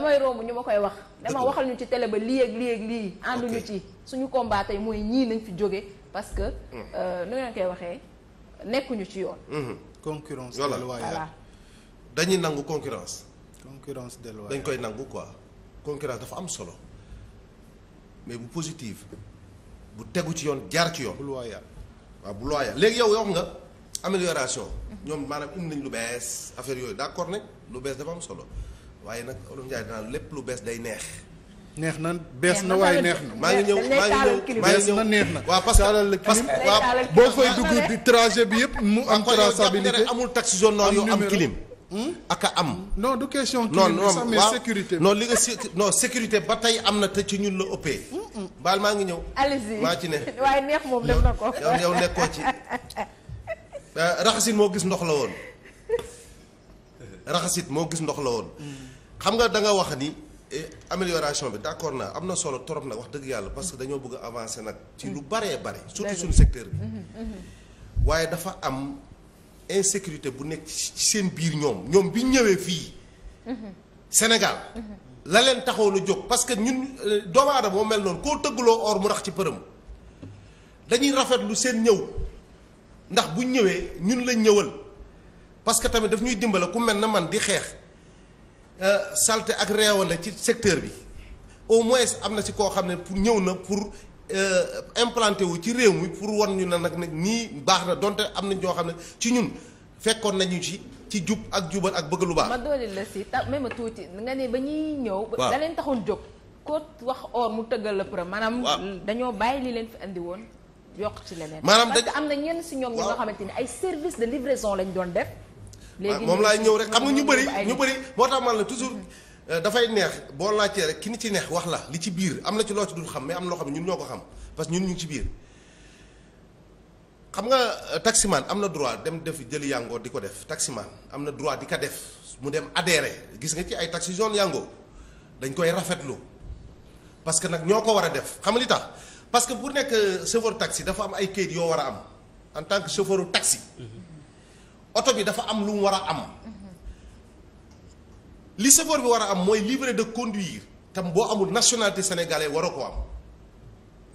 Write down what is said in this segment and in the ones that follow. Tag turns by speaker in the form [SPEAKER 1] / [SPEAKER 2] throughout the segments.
[SPEAKER 1] damay romb ñu ma koy wax dama waxal ñu ci télé ba lii ak lii ak lii ci suñu combat tey mooy ñii nañ fi jóge parce que mm. euh, nu ngeen koy waxee nekkuñu ci yoon mm-hmm. concurrence déloyale dañuy nangu concurrence concurrence déloyale dañ koy nangu quoi concurrence dafa am solo mais bu positive bu tegu ci yoon jaar ci yoon bu loyal waaw bu loyal léegi yow wax nga amélioration ñoom maanaam indi nañ lu bees affaire yooyu d'accord nag lu bees dafa am solo waaye nag Olof Ndiaye lépp lu bees day neex. neex na bees na waaye neex na. maa ngi ñëw maa ngi ñëw bees na neex na. waaw parce que parce que waaw boo fay dugg bi yëpp mu am traçabilité amul tax zone noor yu am clim. Hmm? ak a am. non question. clim bi sax mais li nga sé sécurité ba tey am na te ci ñun la ëppee. Hmm, hmm. baal maa ngi ñëw. allez maa ci ne. waaye neex moom def na ko. yow yow nekkoo ci. Euh, raxasin moo gis ndox la woon. raxasit moo gis ndox la woon. xam nga da wax ni eh, amélioration bi d'accord naa am na solo trop nag wax dëgg yàlla parce que dañoo bëgg a nag. ci lu baree bare. surtout suñu secteur bi. Mmh, mmh, mmh. waaye dafa am insécurité bu nekk ci seen biir ñoom ñoom bi ñëwee fii. Sénégal. la leen taxoon a jóg parce que ñun euh, doomu aadama moo mel noonu koo tëggloo or mu rax ci përëm dañuy lu seen ñëw ndax bu ñëwee ñun la ñëwal. parce que tamit daf ñuy dimbale ku mel na man di xeex euh, salte ak réewande ci secteur bi au moins am na ci koo xam ne pour ñëw na pour euh, implanté wu ci réew mi pour wan ñu na nag nag nii baax na donte am na ñoo xam ne ci ñun fekkoon nañu ci ci jub ak jubal ak bëgg lu baax. ma dooleel la si ta même tuuti nga ne ba ñëw. da leen taxoon ko wax mu tëggal la përëm. maanaam dañoo bàyyi li leen fi woon yokk ci leneen. maanaam parce am na ñenn si ñoom ñi ay service de livraison lañ doon def.
[SPEAKER 2] léegi moom laay ñëw rek xam nga ñu bëri ñu bëri
[SPEAKER 1] moo tax man la toujours euh, dafay neex boo laajtee rek ki ni ci neex wax la li ci biir am na ci loo ci dul xam mais am na loo xam ne ñun ñoo ko xam parce que ñun ci biir nga euh, taximan am na droit dem def jël yàngoor di ko def taximan am na droit di ko def mu dem adhéré gis nga ci ay taxi zone yàngoor dañ koy rafetlu parce que nag ñoo ko war a def xam li tax parce que pour nekk euh, chauffeur taxi dafa am ay kayit yoo war a am en tant que chauffeur taxi. Mm-hmm. oto bi dafa am lu mu war a am li chauffeur bi war a am mooy livret de conduire tam boo amul nationalité war a ko am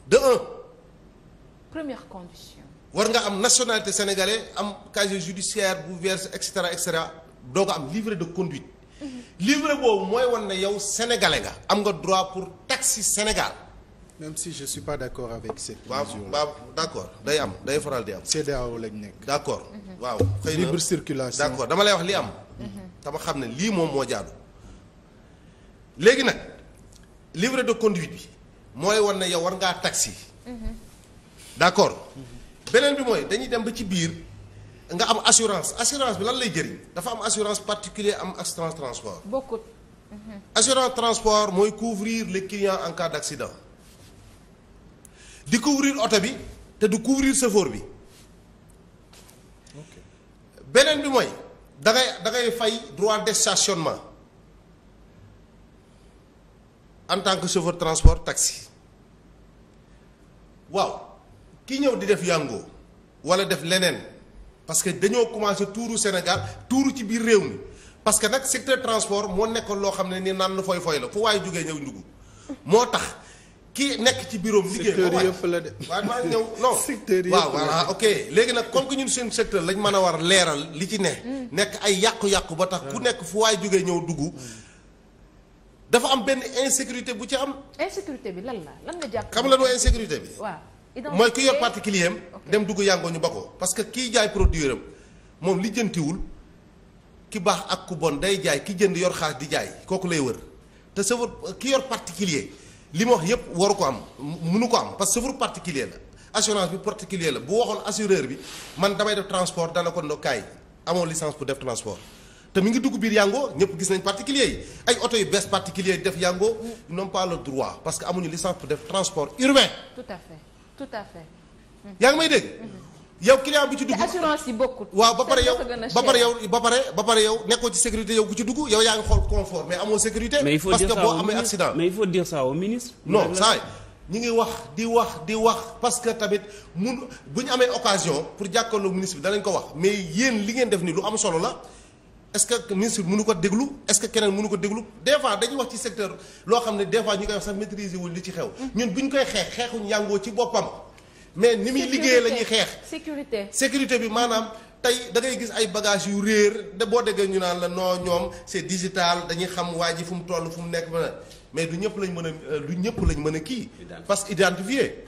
[SPEAKER 1] de un war nga am nationalité sénégalais am casier judiciaire bu verse et cetera et cetera doo ko am livret de conduite mhm. livret boobu mooy wan na yow sénégalais nga am nga droit pour taxi Sénégal même si je suis pas d'accord avec cette day am day faral di am. CEDEAO lañ nekk. d'accord mhm. waaw. xëy na libre circulation d'accord dama lay wax li am. dama mhm. xam ne lii moom moo jaadu. léegi nag livret de conduite bi mooy wan ne yow war ngaa taxi. Mhm. d'accord beneen bi mooy dañuy dem ba ci biir nga am assurance assurance bi lan lay jëriñ dafa am assurance particulier am assurance transport. bokkut. assurance transport mooy couvrir le client en cas d'accident. di couvrir oto bi te du couvrir chauffeur bi beneen bi mooy da ngay da ngay fay droit de stationnement en tant que chauffeur transport taxi waaw ki ñëw di def yàngoo walla def leneen parce que dañoo commencé tuuru Sénégal tuuru ci biir réew mi parce que nag secteur transport moo nekkoon loo xam ne ni naan lu foy foy la fu waaye jógee ñëw njugu moo tax kii nekk ci bureau liggéey secteur yëpp la ñëw non secteur yëpp léegi nag comme que seen secteur lañ mën a war leeral li ci ne mm. nekk ay yàqu-yàqu ba tax ku mm. nekk fu waay jógee ñëw dugg dafa am benn insécurité bu ci am insécurité bi lan la lan nga la noo insécurité bi waaw mooy ku yor particulier dem dugg yàngoo ñu ba ko parce que kii jaay produit am moom li jëntiwul ki baax ak ku bon day jaay ki jënd yor xaalis di jaay kooku lay wër te sa ki yor particulier li ma yëpp waru ko am munu ko am parce que chauffeur particulier la assurance bi particulier la bu waxoon assureur bi man damay def transport dana ko no kaay amoo licence pour def transport te mi ngi dugg biir yango ñëpp gis nañ particulier yi ay oto yu bees particulier yi def yango n'ont pas le droit parce que amuñu licence pour def transport urbain. tout à yaa ngi may dégg. Mm-hmm. yow client bu ci dugg yi bokkul waaw ba pare yow ba pare yow ba pare ba pare yow nekkoo ci sécurité yow ku ci dugg yow yaa ngi xool confort mais amoo sécurité. parce que boo amee accident mais il faut dire ça ministre. non saa ñi ngi wax di wax di wax parce que tamit mun bu ñu amee occasion pour jàkkaloo ministre bi danañ ko wax mais yéen li ngeen def ni lu am solo la. est-ce que ministre mënu ko déglu est-ce keneen mënu ko déglu des fois dañuy wax ci secteur loo xam ne des fois ñu koy wax li ci xew. Mm. ñun bu ñu koy xeex xeexuñ yàngoo boppam. mais ni muy liggéeyee la xeex. sécurité sécurité bi maanaam tey da ngay gis ay bagages yu réer de boo déggee ñu naan la non ñoom c'est digital dañuy xam waa ji fu mu toll fu mu nekk mais du ñëpp lañ mën a euh, du ñëpp lañ mën a kii. parce que identifié.